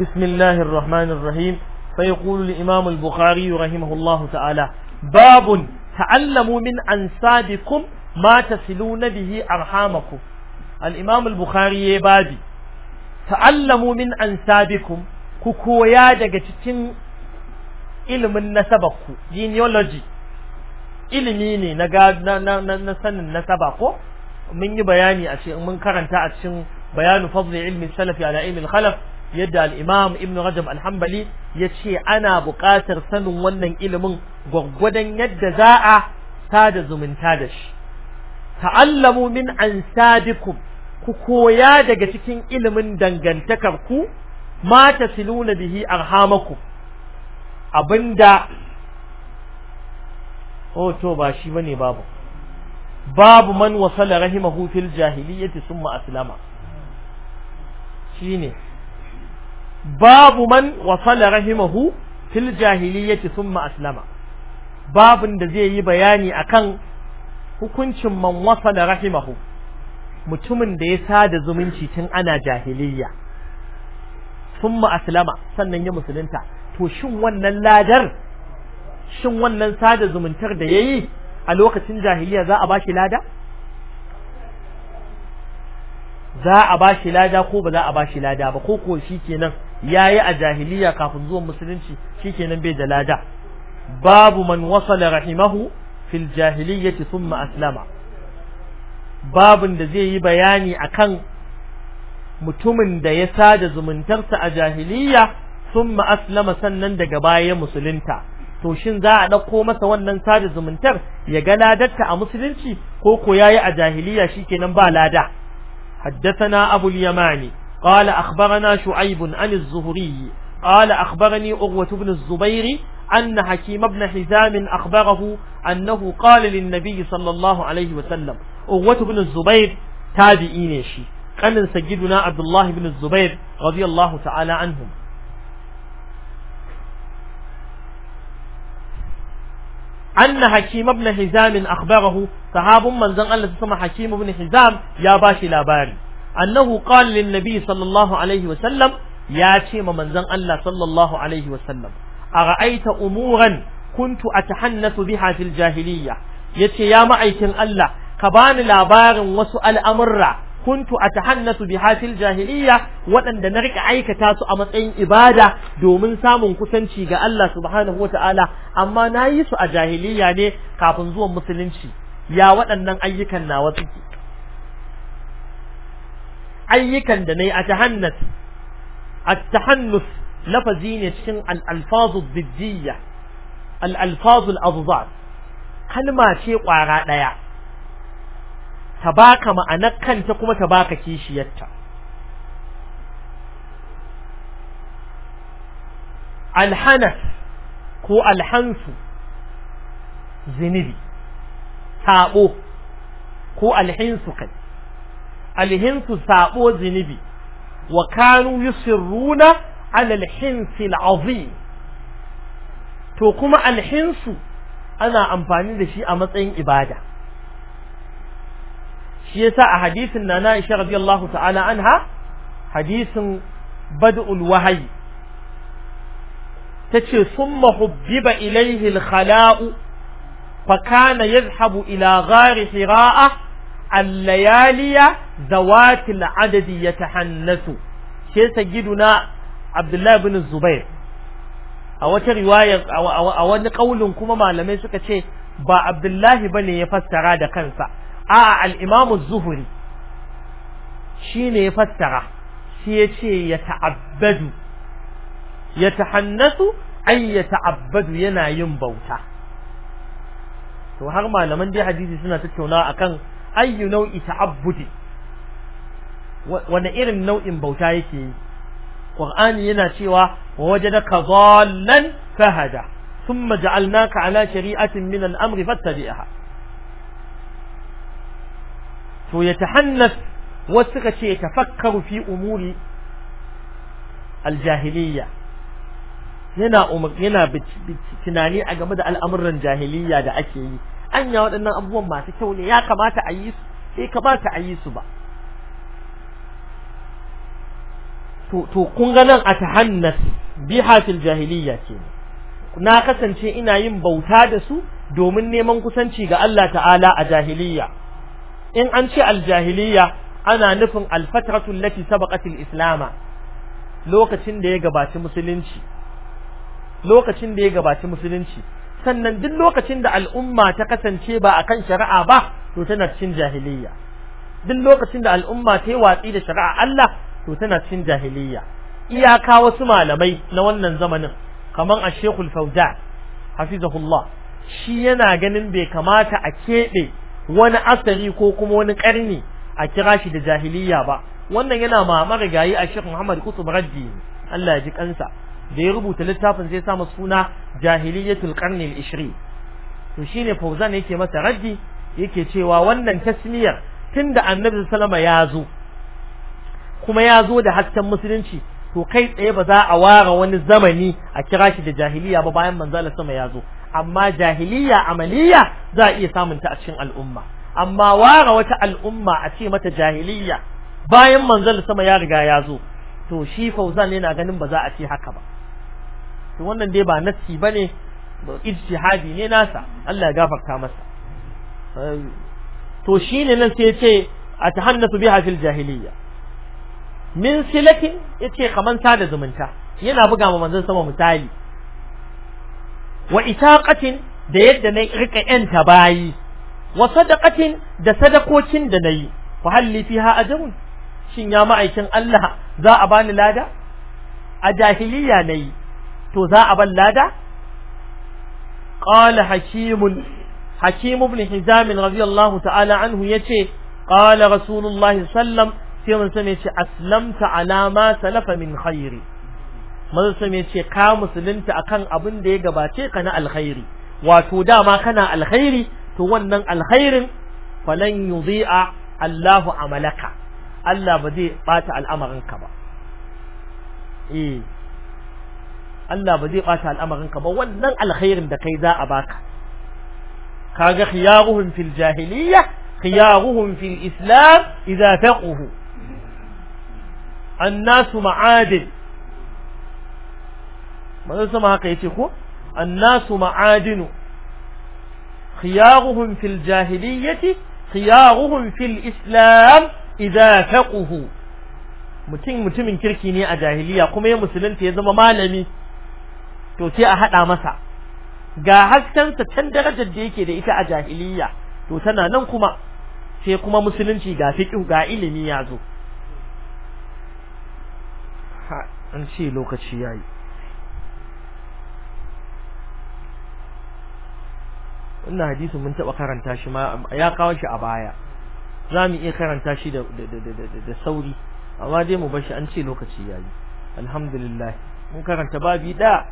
بسم الله الرحمن الرحيم فيقول الإمام البخاري رحمه الله تعالى باب تعلموا من أنسابكم ما تصلون به أرحامكم الإمام البخاري بابي ta'allamu min ansabikum ku koya daga cikin ilimin nasabarku genealogy ilimi ne na na na sanin nasaba ko mun yi bayani a cikin mun karanta a cikin bayanu fadli ilmi salafi ala ilmi khalaf yadda alimam ibn rajab alhambali ya yace ana buƙatar sanin wannan ilimin gwaggwadon yadda za a sada zumunta da shi ta'allamu min ansadikum ku koya daga cikin ilimin dangantakar Mata ma tasiluna bihi arhamaku. abinda oh ba shi bane babu babu man wasala rahimahu fil jahiliyyati summa aslama shine babu man wasala rahimahu fil jahiliyyati thumma aslama babun da zai yi bayani akan hukuncin man wasala rahimahu mutumin da ya sada zumunci tun ana jahiliyya thumma aslama sannan ya musulunta to shin wannan ladar shin wannan sada zumuntar da yayi a lokacin jahiliya za a bashi lada za a bashi lada ko ba za a bashi lada ba ko ko shikenan yayi a jahiliya kafin zuwan musulunci shikenan bai da lada babu man wasala rahimahu fil jahiliyyati thumma aslama babun da zai yi bayani akan mutumin da ya sada zumuntarsa a jahiliya thumma aslama sannan daga baya musulunta to shin za a dauko masa wannan sada zumuntar ya ga ladarta a musulunci ko ko yayi a jahiliya shikenan ba lada حدثنا أبو اليماني قال أخبرنا شعيب عن الزهري قال أخبرني أغوة بن الزبير أن حكيم بن حزام أخبره أنه قال للنبي صلى الله عليه وسلم أغوة بن الزبير تابعين شي قال سجدنا عبد الله بن الزبير رضي الله تعالى عنهم أن حكيم بن حزام أخبره صحاب من زن الله سمى حكيم بن حزام يا باشي لا باري annahu qala lin nabi sallallahu alaihi wa sallam ya ce ma manzon Allah sallallahu alaihi wa sallam ara'aita umuran kuntu atahannasu biha fil jahiliyya yace ya ma'aikin Allah ka bani labarin wasu al'amurra kuntu atahannasu biha fil jahiliyya waɗanda na rika aikata su a matsayin ibada domin samun kusanci ga Allah subhanahu wataala amma nayi su a jahiliyya ne kafin zuwan musulunci ya waɗannan ayyukan nawa suke ayyukan da nayi atahannus a tahannus lafazi ne cikin al-alfazu biddiyya al kalma ce kwara ɗaya ta baka ma'anar kanta kuma ta baka kishiyarta alhanas ko alhansu zinibi tabo ko alhinsu kai alhinsu sabo zinibi wa kanu yusirruna ala alazim to kuma alhinsu ana amfani da shi a matsayin ibada shi yasa a hadisin nana isha radiyallahu ta'ala anha hadisin bad'ul wahyi tace summa hubbiba ilayhi al-khala'u fa kana yadhhabu ila ghari hira'a al-layaliya zawatil adadi yatahannasu gidu na Abdullahi bin Zubair a wata riwaya a wani kaulin kuma malamai suka ce ba Abdullahi bane ya fassara da kansa a al-Imam shi zuhri ya fassara shi yace ya ta'abbadu ya tahannasu ay ya ta'abbadu yana yin bauta to har malaman dai hadisi suna tattaunawa akan ayyu nau'i ta'abbudi wani irin nau'in bauta yake yi Ƙur'ani yana cewa wa wajadaka dhallan fahada thumma ja'alnaka ala shari'atin min al-amri fattabi'ha to ya hannas wasu suka ce fi umuri aljahiliya. yana yana tunani a game da al'amuran jahiliyya da ake yi anya waɗannan abubuwan masu kyau ne ya bai kamata a yi su ba to kun ga nan atahannas biha fil jahiliyya ce na kasance ina yin bauta da su domin neman kusanci ga Allah ta'ala a jahiliyya in an ce aljahiliya ana nufin alfatratu lati sabaqatil islama lokacin da ya gabaci musulunci lokacin da ya gabaci musulunci sannan duk lokacin da al'umma ta kasance ba a kan shari'a ba to tana cikin jahiliyya duk lokacin da al'umma ta yi watsi da shari'a Allah to tana cikin jahiliya iyaka wasu malamai na wannan zamanin kaman a shekul fauda hafizahullah shi yana ganin bai kamata a keɓe wani asali ko kuma wani ƙarni a kira shi da jahiliya ba wannan yana ma marigayi a shekul muhammad kutub raddi Allah ya ji kansa da ya rubuta littafin zai sa suna jahiliyatul qarni ishiri ishri to shine Fauzan yake masa raddi yake cewa wannan tasmiyar tunda Annabi sallama ya zo kuma ya zo da hasken musulunci to kai tsaye ba za a ware wani zamani a kira shi da jahiliya ba bayan manzala sama ya zo amma jahiliya amaliya za a iya samun ta a cikin al'umma amma ware wata al'umma a ce mata jahiliya bayan manzala sama ya riga ya zo to shi fauzan yana ganin ba za a ce haka ba to wannan dai ba nassi bane ijtihadi ne nasa Allah ya gafarta masa eh, to shine nan sai ya ce atahannasu biha fil jahiliya min silatin yace kaman sada zumunta yana buga ma manzon sama misali wa itaqatin da yadda na rika yanta bayi wa sadaqatin da sadakokin da nayi fa halli fiha ajrun shin ya ma'aikin Allah za a bani lada a jahiliya nayi to za a ban lada qala hakimun hakim ibn hizam radiyallahu ta'ala anhu yace qala rasulullahi sallallahu sai mun me ce aslamta ala ma salafa min khairi mun me ce ka musulunta akan abin da ya gabace ka na alkhairi wato dama kana alkhairi to wannan alkhairin falan yudhi'a Allahu amalaka Allah ba zai bata al'amarin ka ba eh Allah ba zai bata al'amarin ka ba wannan alkhairin da kai za a baka kaga khiyaruhum fil jahiliyya khiyaruhum fil islam idza taquhu annasu ma'adin manzo sama haka yace ko annasu ma'adinu khiyaruhum fil jahiliyyati khiyaruhum fil islam idza faqahu mutum mutumin kirki ne a jahiliya kuma ya musulunta ya zama malami to sai a hada masa ga haskensa can darajar da yake da ita a jahiliya to tana nan kuma sai kuma musulunci ga fiqh ga ilimi ya zo an ce lokaci ya yi wannan hadisin mun taɓa karanta shi ma ya kawo shi a baya za mu iya karanta shi da sauri amma dai mu bar shi an ce lokaci ya yi alhamdulillah mun karanta babi da